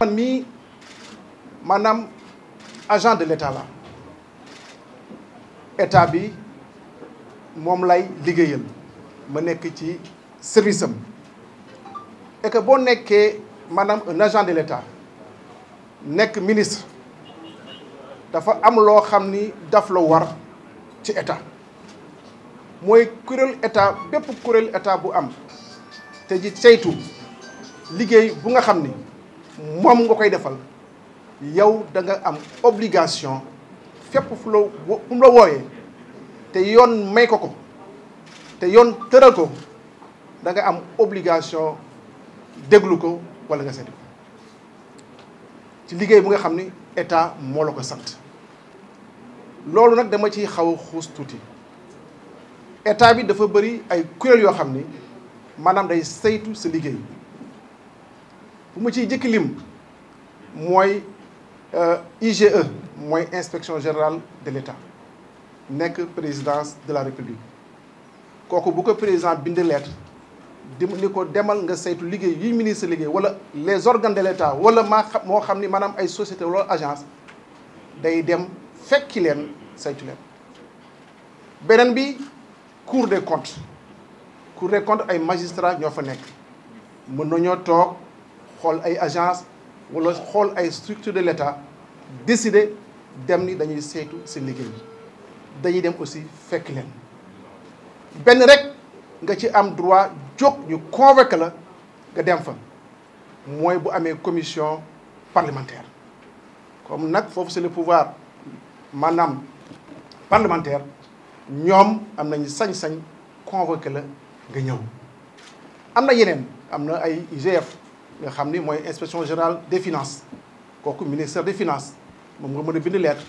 man mii maanaam agent de l'état la état bi moom lay liggéeyal ma nekk ci service am et boo nekkee maanaam un agent de l'état nekk ministre dafa am loo xam ni daf la war ci état mooy kuréel état bépp kuréel état bu am te ji saytu liggéey bu nga xam ni moom nga koy defal yow danga am obligation fépp fu la wooyee te yoon may ko ko te yoon tëral ko da nga am obligation déglu ko wala nga seeti ko ci liggéey bi nga xam ni état moo la ko sant loolu nag dama ci xaw a xuus tuuti état bi dafa bëri ay kuréel yoo xam ni maanaam day saytu sa liggéey bu ma ciy jëkk lim mooy euh, IGE mooy inspection générale de l'État nekk présidence de la République kooku bu ko président bind lettre di ni ko demal nga saytu liggéey yuy ministre liggéey wala les organes de l'État wala maa xam moo xam ni ay société wala agence day dem fekki leen saytu leen beneen bi Cour des comptes Cour des comptes ay magistrats ñoo fa nekk mën nañoo toog xool ay agence wala xool ay structure de l'État décider dem ni dañuy saytu ci liggéey dañuy dem aussi fekk len ben rek nga ci am droit jóg ñu convoqué la nga dem fa moy bu amé commission parlementaire comme nak fofu c'est le pouvoir manam parlementaire ñom am nañu sañ-sañ convoqué la nga ñëw amna yenen amna ay IGF nga xam ni mooy inspection générale des finances kooku ministère des finances moom nga mën a lettre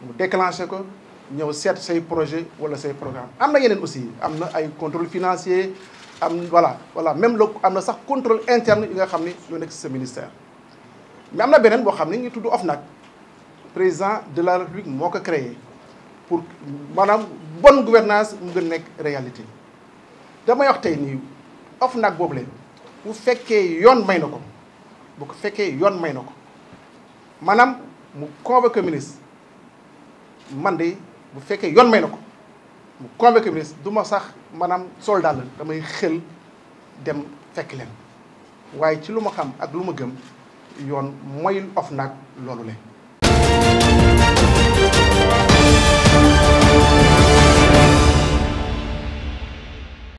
mu déclenché ko ñëw seet say projet wala say programme am na yeneen aussi am na ay contrôle financier am voilà voilà même le am sax contrôle interne yi nga xam ni ñoo nekk ci sa ministère mais am na beneen boo xam ni ñu président de la république moo ko créé pour maanaam bonne gouvernance mu gën nekk réalité damay wax tey nii OFNAC boobu leen bu fekkee yoon may na ko bu ko fekkee yoon may na ko maanaam mu convoqué ministre man de bu fekkee yoon may na ko mu convoqué ministre du ma sax maanaam soldat la damay xel dem fekk leen waaye ci lu ma xam ak lu ma gëm yoon mooy OFNAC loolu la